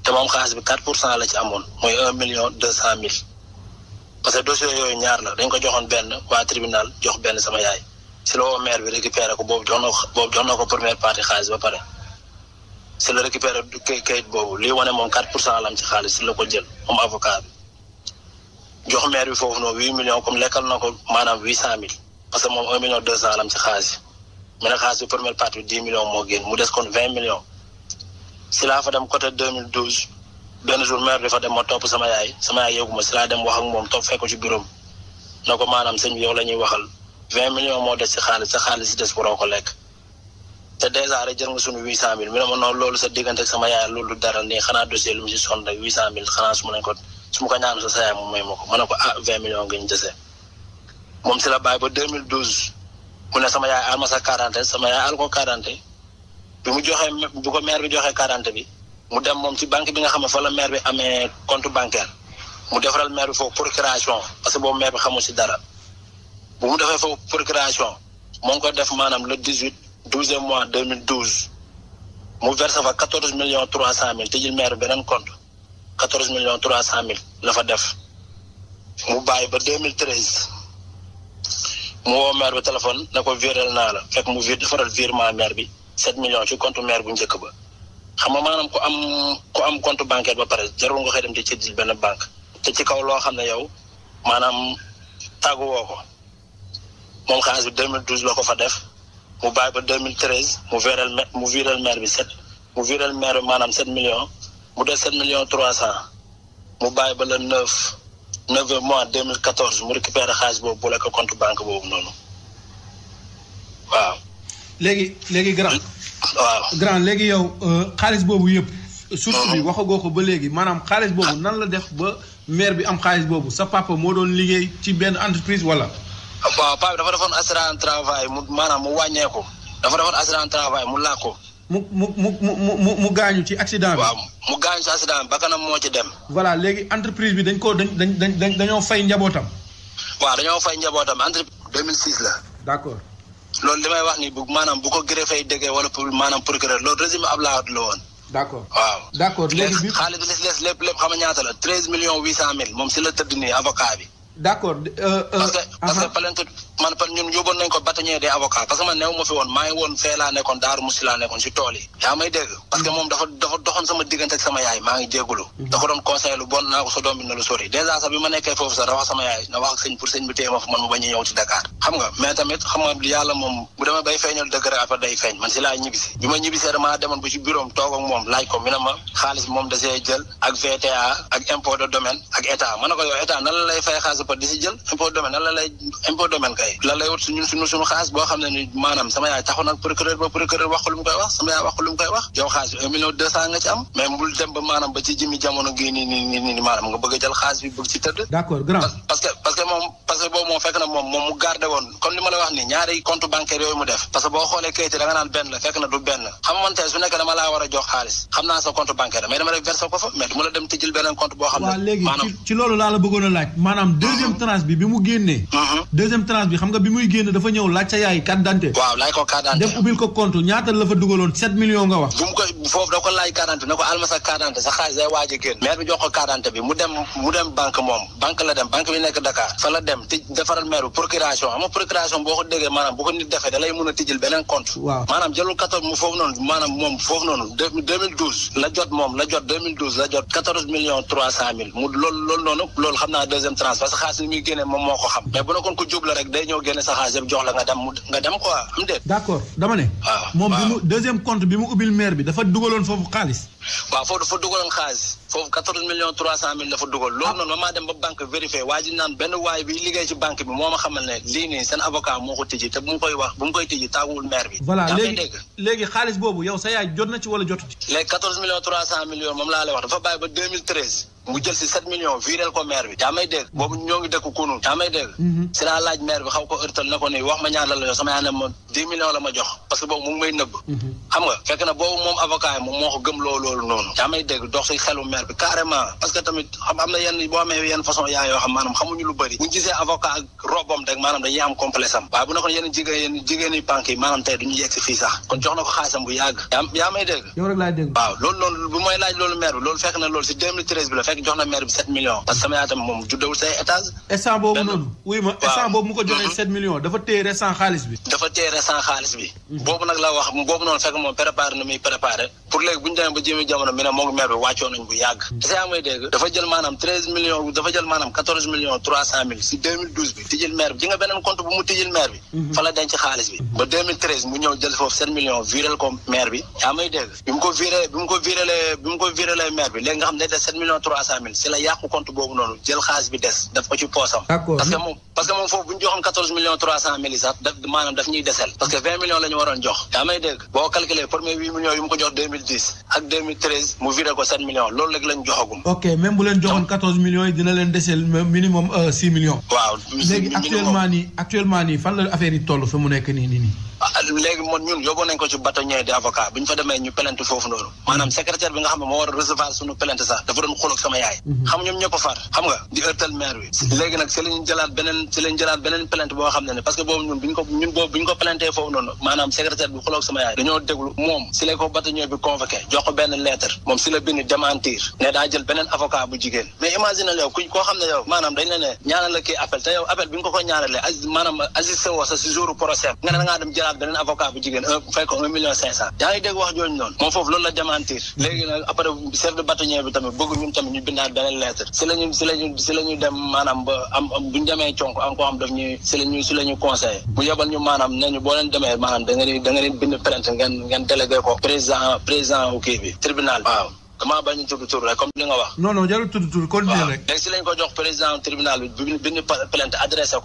te moom xaas bi quatre pour cent la ci amoon mooy un million deux cent mille parce que dossier yooyu ñaar la dañ ko joxoon benn waa tribunal jox benn sama yaay. si la woo maire bi récupéré ko boobu jox na ko boobu jox ko première partie xaalis ba pare si la récupéré kayit boobu li wane moom 4 pour cent lam ci xaalis si la ko jël moom avocat jox maire bi foofu noonu 8 million comme lekkal na ko maanaam 800000 parce que moom 1 million 200 lam ci xaalis mu ne moo génn mu des kon 20 millions si laa fa dem côté 2012 benn jour maire bi fa dem ma topp sama yaay sama yaay yëgu ma si laa dem wax ak moom topp fekk ko ci bureau na ko maanaam sëñ bi yow la ñuy waxal. vingt million moo des si xaalis sa xaalis si des waroo lekk te dèjà rek jël nga suñu huit cent mille mi ne ma noonu loolu sa diggante ak sama yaay loolu dara nii xanaa dossier lu mu si sonn rek huit cent mille xanaa su ma ko su ma ko sa sayaay mu may ah, moom si la bàyyi ba deux mille douze mu ne sama yaay al ma sa quarante sama yaay al ko bi mu joxee bu ko maire bi joxe quarante bi mu dem moom ci banque bi nga xam ne fa maire bi amee compte bancaire mu defaral maire bi foofu procuration parce que boobu maire bi xamul si dara bu mu defee foofu procuration moo ngi ko def maanaam la dix huit douzième mois deux mille douze mu versé fa quatorze millions trois cent mille tëjil maire beneen compte quatorze millions trois cent mille la fa def mu bàyyi ba deux mille treize mu woo maire bi téléphone ne ko viréel naa la fekk mu vir defaral virement maire bi sept millions ci compte maire bu njëkk ba xam nga maanaam ku am ku am compte bancaire ba pare jarul nga xëy dem ci ci benn banque te ci kaw loo xam ne yow maanaam tàgguwoo ko moom xaalis bi 2012 la ko fa def mu bàyyi ba 2013 mu viral mu viral maire bi sept mu viral maire bi maanaam 7 millions mu des 7 millions mu bàyyi ba le 9 9 mois 2014 mu récupéré xaalis boobu bu la ko compte banque boobu noonu waaw. léegi léegi grand. waaw grand léegi yow euh, xaalis boobu yëpp. surtout bi mm-hmm. waxagoo ko ba léegi maanaam xaalis boobu nan la def ba maire bi am xaalis boobu sa papa moo doon liggéey ci benn entreprise wala. waaw paa bi dafa defoon accident travail mu maanaam mu wàññeeku dafa defoon accident travail mu làkk ko. mu mu mu mu mu mu gaañu ci accident bi. waaw mu gaañu ci accident bi bakkanam moo ci dem. voilà léegi entreprise bi dañ koo dañ dañ dañ dañoo fay njabootam. waaw dañoo fay njabootam entreprise. 2006 la. d'accord. loolu li may wax ni bu maanaam bu ko greffé déggee wala pour maanaam procureur loolu résumé Abdoulaye Wade la woon. d'accord waaw. d'accord léegi bi. d'accord. Euh, euh, parce que parce que uh-huh. man par ñun yóbboon nañ ko batañee des avocats parce que man new woon maa ngi woon fee laa nekkoon si tool yaa may dégg parce que mm-hmm. moom dafa doxoon sama diggante ak sama yaay maa ngi jéggulu mm-hmm. da dafa wax sama yaay ak sëñ pour sëñ bi téye ma fu man a ñëw ci Dakar xam nga mais tamit xam nga yàlla moom bu demee bay feeñal dëgg rek après day feeñ man si laay ñibbisi bi ma ñibbisee damaa demoon bu ci bureau am moom laaj ko mi ne ma xaalis moom kay lan lay wut suñu suñu xaalis boo xam ne ni maanaam sama yaay taxu nag procureur ba procureur wax mu koy wax sama yaay wax mu koy wax yow xaalis bi mu def parce que boo xoolee kayit da nga naan benn la fekk na du benn xam man tey su nekk dama laa war a jox xaalis xam naa sa compte bancaire mais dama def versé ko fa mais du ma la dem tijjil beneen compte boo xam ne léegi ci loolu laa la bëggoon laaj maanaam deuxième mhm. tranche bi bi gi xam nga bi muy génn dafa ñëw laaj sa yaay carte waaw laaj ko carte dem ubbil ko compte ñaata la fa dugaloon sept millions nga wax bu mu ko foofu da ko laaj carte ne ko alma sa sa xaalis day muy génnee moom moo ko xam mais bu nekkoon ko jubla rek tey ñoo génne sa xaalis jox la nga dem nga dem quoi am déet. d' dama ne. Ah, moom bi mu deuxième compte bi mu ubbil maire bi dafa dugaloon foofu xaalis. waaw foofu dafa xaalis foofu quatorze millions trois cent ah. millions moom laa lay wax dafa bàyyi ba deux mille treize mu jël si sept millions viréel ko maire bi yaa may dégg mm-hmm. boobu ñoo ngi dëkk kunu yaa may dégg mm-hmm. si laa laaj maire bi xaw ko ërtal na ko nii wax ma ñaar la la yow sama yaa ne ma dix la ma jox parce boobu mu may nëbb mm-hmm. xam nga fekk na boobu moom avocat yoo xam maanaam xamuñu lu bëri bu ñu gisee avocat ak maanaam dañuy am complexe am waaye bu nekkoon yenn jigéen yenn yi maanaam tey duñu yegg si fii sax kon jox na ko xaalisam bu yàgg yaa may dégg jox na maire bi 7 millions. parce que sama ma mhm. instant mhm. ba jëmi jamono mhm. bi tijjil maire bi ji beneen compte bu mu tijjil maire bi. yaa may dégg bi mu ko viré bi mu ko virélee bi maire bi léegi nga xam ne 7 millions 300 cent si la yàqu compte boobu noonu jël xaalis bi des daf ko ci poosam parce que moom parce que moom foofu bu ñu joxoon quatorze millions trois cent mille maanaam daf ñuy desel parce que vingt millions la waroon jox yaa may dégg boo calculer premier huit millions yu mu ko jox deux mille ak deux mille mu viré ko sept millions loolu léegi joxagum ok même bu leen joxoon quatorze millions yi dina leen desel minimum euh, six millions waaw actuellement nii léegi moom ñun yóbbu ko ci bâtonnier di avocat bi ñu fa demee ñu plainte foofu noonu maanaam secrétaire bi nga xam ne moo mhm. mhm. boo xam ne noonu maanaam bi xuloog sama yaay dañoo déglu moom si la ko bâtonnier bi convoqué jox benn lettre moom si la bind démentir ne daa jël beneen avocat bu jigéen mais imagine yow ku koo xam ne yow maanaam dañ la ne ñaanal la appel te yow appel bi nga ko ko ñaanalee maanaam sa si jour procès nga ne da ngaa dem jëlaat ak beneen avocat bu jigéen un fay ko un million cinq cent yaa ngi dégg wax jooju foofu loolu la démentir léegi nag après de bâtonnier bi tamit bëgg ñun tamit ñu bindaat beneen lettre si ñu si ñu si la am bu ñu demee conk am ko am daf ñu si la ñu conseillé bu yebal ñu maanaam ne ñu boo leen demee maanaam da nga da nga leen bind plainte ngeen ngeen délégué ko président président wu kii bi damaa bañ a tudd tur rek wax. non non jarul tudd tur continué rek. waaw léegi ko jox président tribunal bi bi bi ñu ko.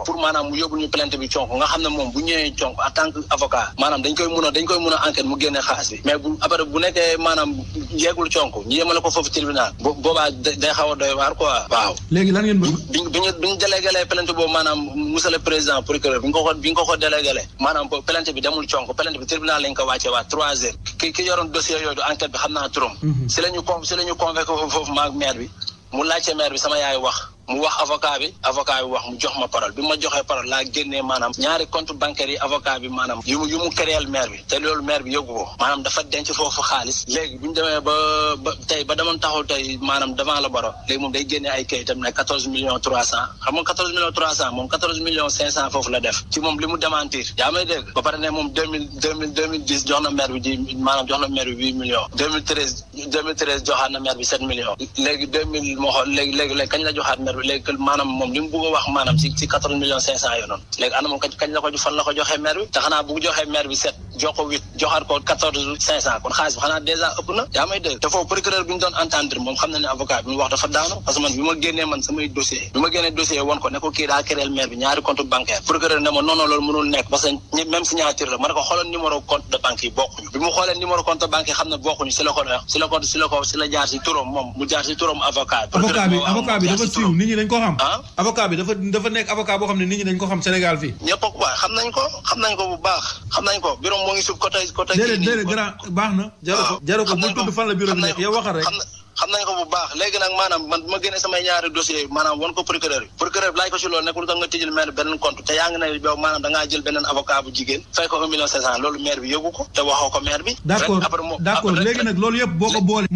pour maanaam mu yóbbu ñu bi conk nga xam ne moom bu ñëwee conk en tant que avocat. dañ koy mun a mu génne xaalis bi. mais bu après bu nekkee maanaam conk ñu yemale ko foofu tribunal. bo boobaa day xaw a doy waar quoi. lan ngeen bëgg. bi bi ñu bi ñu président procureur bi ñu bi ñu ko ko délégué bi demul conk konk con si la ñu convoqué foofu maag maire bi mu laajte maire bi sama yaay wax mu wax avocat bi avocat bi wax mu jox ma parole bi ma joxee parole laa génnee maanaam ñaari compte bancaire yi avocat bi maanaam yu mu yu mu bi te loolu maire bi yóbbu ko maanaam dafa denc foofu xaalis léegi bu demee ba ba tey ba demoon taxaw tey maanaam devant la baro léegi moom day génnee ay kayitam ne quatorze millions trois cent xam nga quatorze millions trois cent moom quatorze millions cinq foofu la def ci moom li mu démentir yaa may bi léegi que maanaam moom li a wax maanaam si si quatorze millions cinq cent yoo noonu léegi ana moom kañ la ko fan la ko joxee maire bi te xanaa bu joxee maire bi set jox ko joxaat ko quatorze cinq cent kon xaalis bi xanaa dèjà ëpp na yaa may dégg te foofu procureur bi ñu doon entendre moom xam nañ ko bu baax xam nañ ko moo ngi su côté côté. déedéet déedéet grand baax na. jaru ko jaru ko bu tudd fan la bureau bi nekk yow waxal rek. xam nañ ko bu baax léegi nag maanaam man ma génnee samay ñaari dossiers maanaam wan ko procureur bi procureur laaj ko ci loolu nekk lu maire beneen compte te yaa ngi ne yow maanaam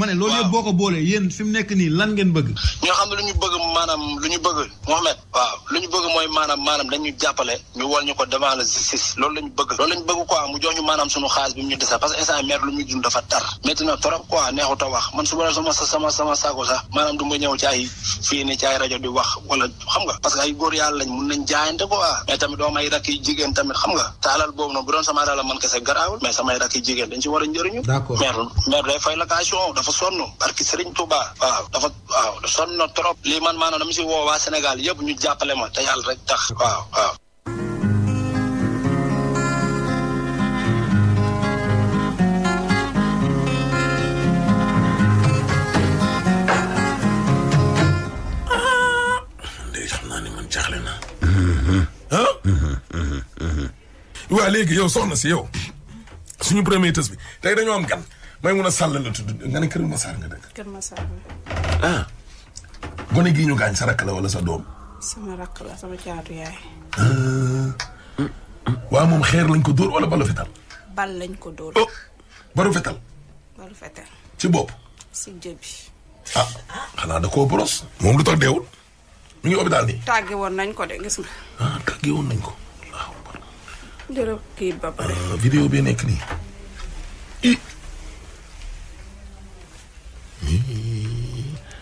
ma ne loolu yëpp boo lu ñu bëgg maanaam lu waaw lu ñu bëgg mooy maanaam maanaam dañu jàppale ñu wol ñu ko devant la justice loolu lañu bëgg loolu lañu bëgg quoi mu jox ñu maanaam suñu xaalis bi mu ñu desal parce que instant maire lu muy dund dafa tar métti na trop quoi neexu ta wax man su sama sama saako sax maanaam du ma ñëw ci ay fii ni ay rajo di wax wala xam nga parce que ay góor yàlla lañ mun nañ jaayante quoi mais tamit doo may rakk jigéen tamit xam nga taalal alal boobu noonu bu doon sama alal man kese garaawul mais samay rakk jigéen dañ ci war a njëriñu maire maire day fay location dafa sonn barki Serigne Touba waaw dafa waaw sonn trop lii man maanaam dama si woo waa Sénégal yëpp ñu jàppale ma te yàlla rek tax waaw waaw waa léegi yow soxna si yow suñu premier tës bi tey dañoo am gan Maimouna Sall la tudd nga ne Kër Massar nga dëkk. Kër Massar ah gone gii ñu gaañ sa rakk la wala sa doom. sama rakk la sama caatu yaay. Ah. waa moom xeer lañ ko dóor wala balu fetal. bal ko dóor. oh balu fetal. ci bopp. si jëbi. ah xanaa da koo boros. moom lu tax deewul. mu ngi hôpital nii. tàgge woon nañ ko de gis nga. ah woon nañ ko. jërëjëf kii ba pare. Euh, nekk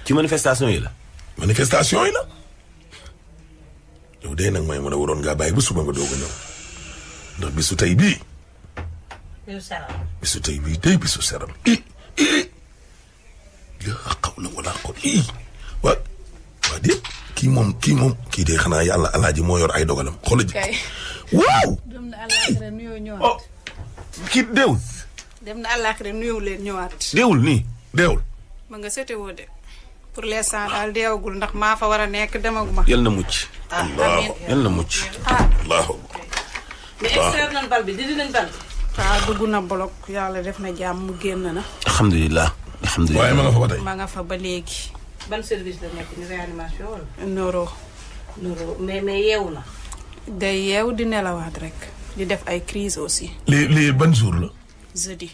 ci manifestation yi la. manifestation yi la. de nag mooy mën a waroon ngaa bàyyi ba suba nga doog a ñëw ndax bisu tey bii. bisu seral. bisu tey bisu seral. laa xawla wala ko waa de kii moom kii moom kii de xanaa yàlla alaaji moo yor ay dogalam xoolal waaw. dem na àllaaxira nuyoo ñëwaat. Oh, kii deewul. dem leen ñëwaat. deewul nii deewul. ma nga sete woo de. pour l'instant daal deewagul ndax maa fa war a nekk demaguma. yal na mucc. ah yal na mucc. ah allahu. Ah, na bolok yàlla def na jàmm mu génn na. alhamdulilah. alhamdulilah waaye ma nga fa ba tey. ba léegi. ban service la nekk ni réanimation day yeew di nelawaat rek di def ay crise aussi. lii lii ban jour la. jeudi.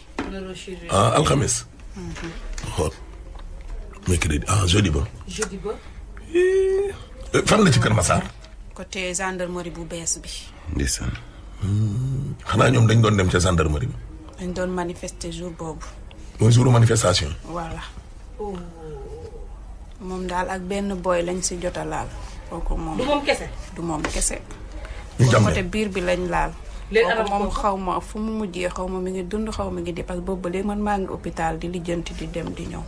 ah alxames. xool mercredi ah jeudi ba. jeudi ba. Eh, bu bees bi. Hmm. xanaa ñoom dañ doon dem ca gendarmerie bi. dañ doon manifester jour boobu. mooy jour manifestation. voilà. Oh. moom daal ak benn booy lañ si jot kooku moom du moom kese. ñu biir bi lañ laal. léegi moom xaw ma fu mu mujjee xaw ma mi ngi dund xaw ma ngi di parce que ba léegi man maa ngi hôpital di lijjanti di dem di ñëw.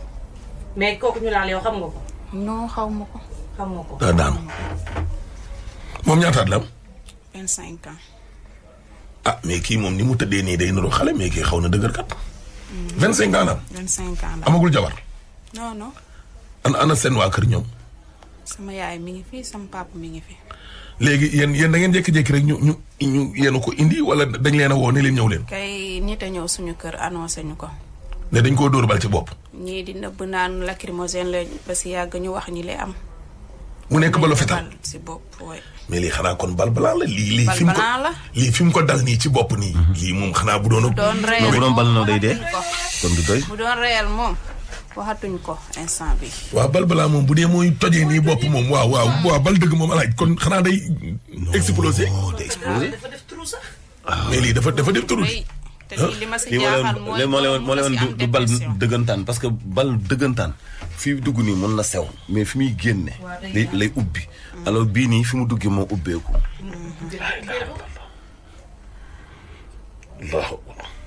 mais kooku ñu xam nga xaw ma ko. xam nga ans. ah mais kii moom ni mu tëddee nii day niru xale mais kii xaw na dëgër kat. 25 ans la am. 25 ans la amagul jabar. non ana ana seen waa kër ñoom. sama yaay mi ngi fii sama papa mi ngi fii léegi yéen yéen da ngeen jékki-jékki rek ñu ñu ñu yéen ko indi wala dañ leen a woo ne leen ñëw leen. kay nit a ñëw suñu kër annoncé ñu ko. ne dañ koo dóor bal ci bopp. ñii di nëbb naan lacrymogène la ba si yàgg ñu wax ñi lay am. mu nekk balu fetal si bopp mais lii xanaa kon bal balaa la lii lii fi mu ko lii ko dal nii ci bopp nii. Mhm. lii moom xanaa bu doon. bu doon reyal moom bu doon bal na day dee. bu doon reyal moom. waxatuñ ko instant bi waaw bal balaa moom bu dee mooy tojee nii bopp moom waaw waaw waaw bal dëgg moom alaaj kon xanaa day. explosé ah, ah. mais lii dafa dafa def turu. te li ma si jaaxal moo leen bal dëggantaan parce que bal dëggantaan fii dugg nii mën na sew mais fi muy génne. lay lay ubbi. alors bii nii fi mu duggee moo ubbeeku. Mm-hmm.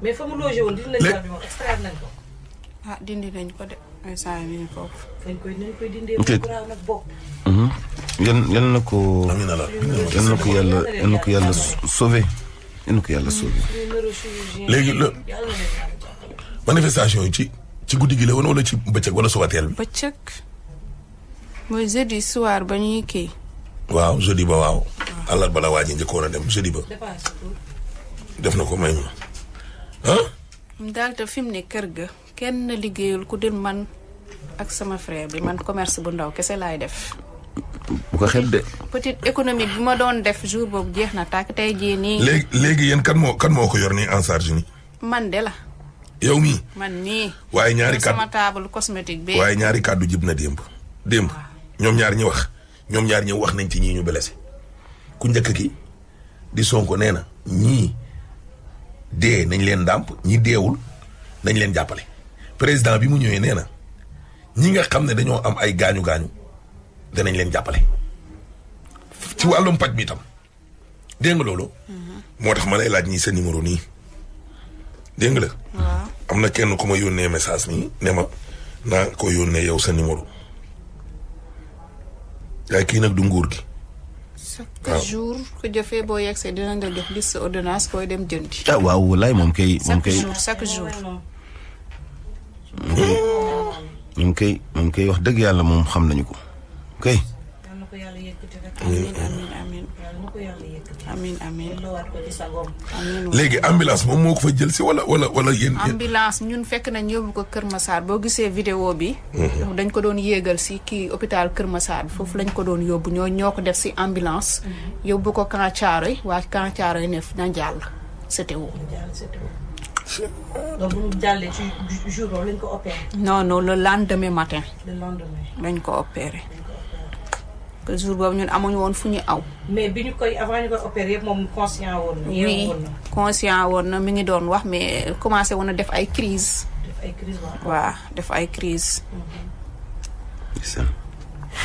mais fa mu logé woon dindi nañ ko extraire nañ mhm. ko. Mm, manifestation ci ci guddi gi la woon wala ci bëccëg wala subateel bi. bëccëg mooy jeudi soir ba ñuy kii. waaw jeudi ba waaw. àllarba la waa ji njëkkoon a dem jeudi ba. def na ko may ma ah. daal te fi mu ne kër ga kenn liggéeyul ku dul man ak sama frère bi man commerce bu ndaw kese laay def. bu ko xeeb de. petite économie bi ma doon def jour boobu jeex na tàkk tey jii nii. léegi léegi yéen kan moo kan moo ko yor nii en charge nii. man de la. yow mii. man mii. waaye ñaari kàddu sama bi. waaye ñaari kàddu jib na démb. démb ñoom ñaari ñi wax ñoom ñaar ñi wax nañ ci ñii ñu blessé. ku njëkk ki di Sonko nee na ñii dee nañ leen ndàmp ñi deewul nañ leen jàppale président bi mu ñëwee nee na ñi nga xam ne dañoo am ay gaañu gaañu danañ leen jàppale ci wàllum paj mi tam dégg nga loolu. Mhm. moo tax ma lay laaj ñii sa numéro nii dégg nga la. am na kenn ku ma yónnee message nii ne ma naa ko yónnee yow sa numéro. yaay kii nag du nguur chaque jour ku jëfee boo yegsee dinañ la jox liste ordonnance kooy dem jëndi. ah waaw walaay moom kay. moom kay chaque jour chaque jour. moom kay moom kay wax dëgg yàlla moom xam nañu ko kay. amiin amiin léegi ambulance moom moo ko fa jël si wala wala wala yéen. ambulance ñun fekk nañ yóbbu ko Kër masaar boo gisee vidéo bi. Mhm. dañ ko doon yéegal si kii hôpital Kër Massar foofu lañ ko doon yóbbu ñoo ñoo ko def si ambulance. Mhm. yóbbu ko Camp yi waa Camp yi ne na jàll CTO. donc bu ñu jàllee ci lañ ko opéré. non non le matin. lañ ko opéré. que jour boobu ñun amuñu woon fu ñu aw. mais bi ñu koy avant ñu koy opéré moom conscient woon na. oui woon na mi ngi doon wax mais commencé woon na def ay crise def ay def ay crise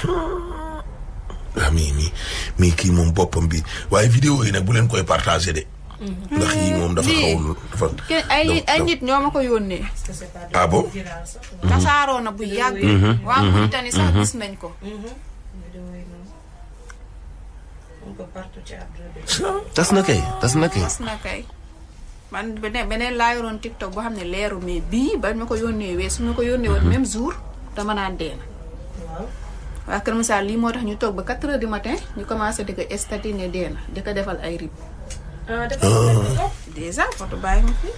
waaw mm-hmm. ah, mi kii moom boppam bi waaye vidéo yi nag bu leen koy partagé de. Mm-hmm. ndax yii moom dafa xawul dafa. ay ay nit ñoo ma ko yónnee. ah bon. tasaaroo bu yàgg. Mm-hmm. waa Mauritanie sax gis nañ ko. ko ah, tas na kay tas na kay. tas na kay man beneen beneen laa yoroon TikTok boo xam ne leeru mais bii ba ma ko yónnee wee su ma ko yónnee woon mhm. même jour dama naan dee na. waaw. waa Kër Moussa lii moo tax ñu toog ba 4 heures du matin ñu commencé di ko statiner dee na di ko defal ay rib. ah dafa dèjà foto bàyyi ma fi.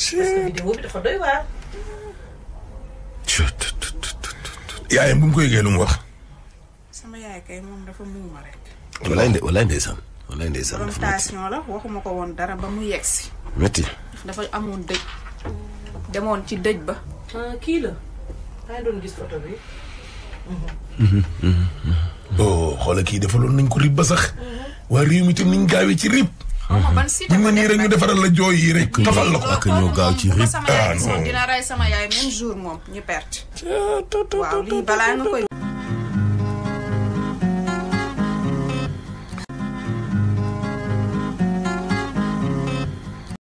parce que vidéo bi bu mu koy yëgee lu mu wax. Ndiaye kay moom dafa muuma rek. walaay nde walaay ndeysaan walaay ndeysaan. confrontation la waxuma ko woon dara ba mu yegsi. métti. dafa amoon dëj. demoon ci dëj ba. Ah, kii la. daa doon gis photo bi. Mhm, mhm, mhm. oh xoolal kii defaloon nañ ko rib ba sax. waa réew mi tam niñ gaawee ci rib. ban ah, site ñu nii rek ñu defaral la jooy rek. tafal la ko ak ñoo gaaw ci rib. Ah, dina rey sama yaay même jour moom ñu perte. balaa nga koy.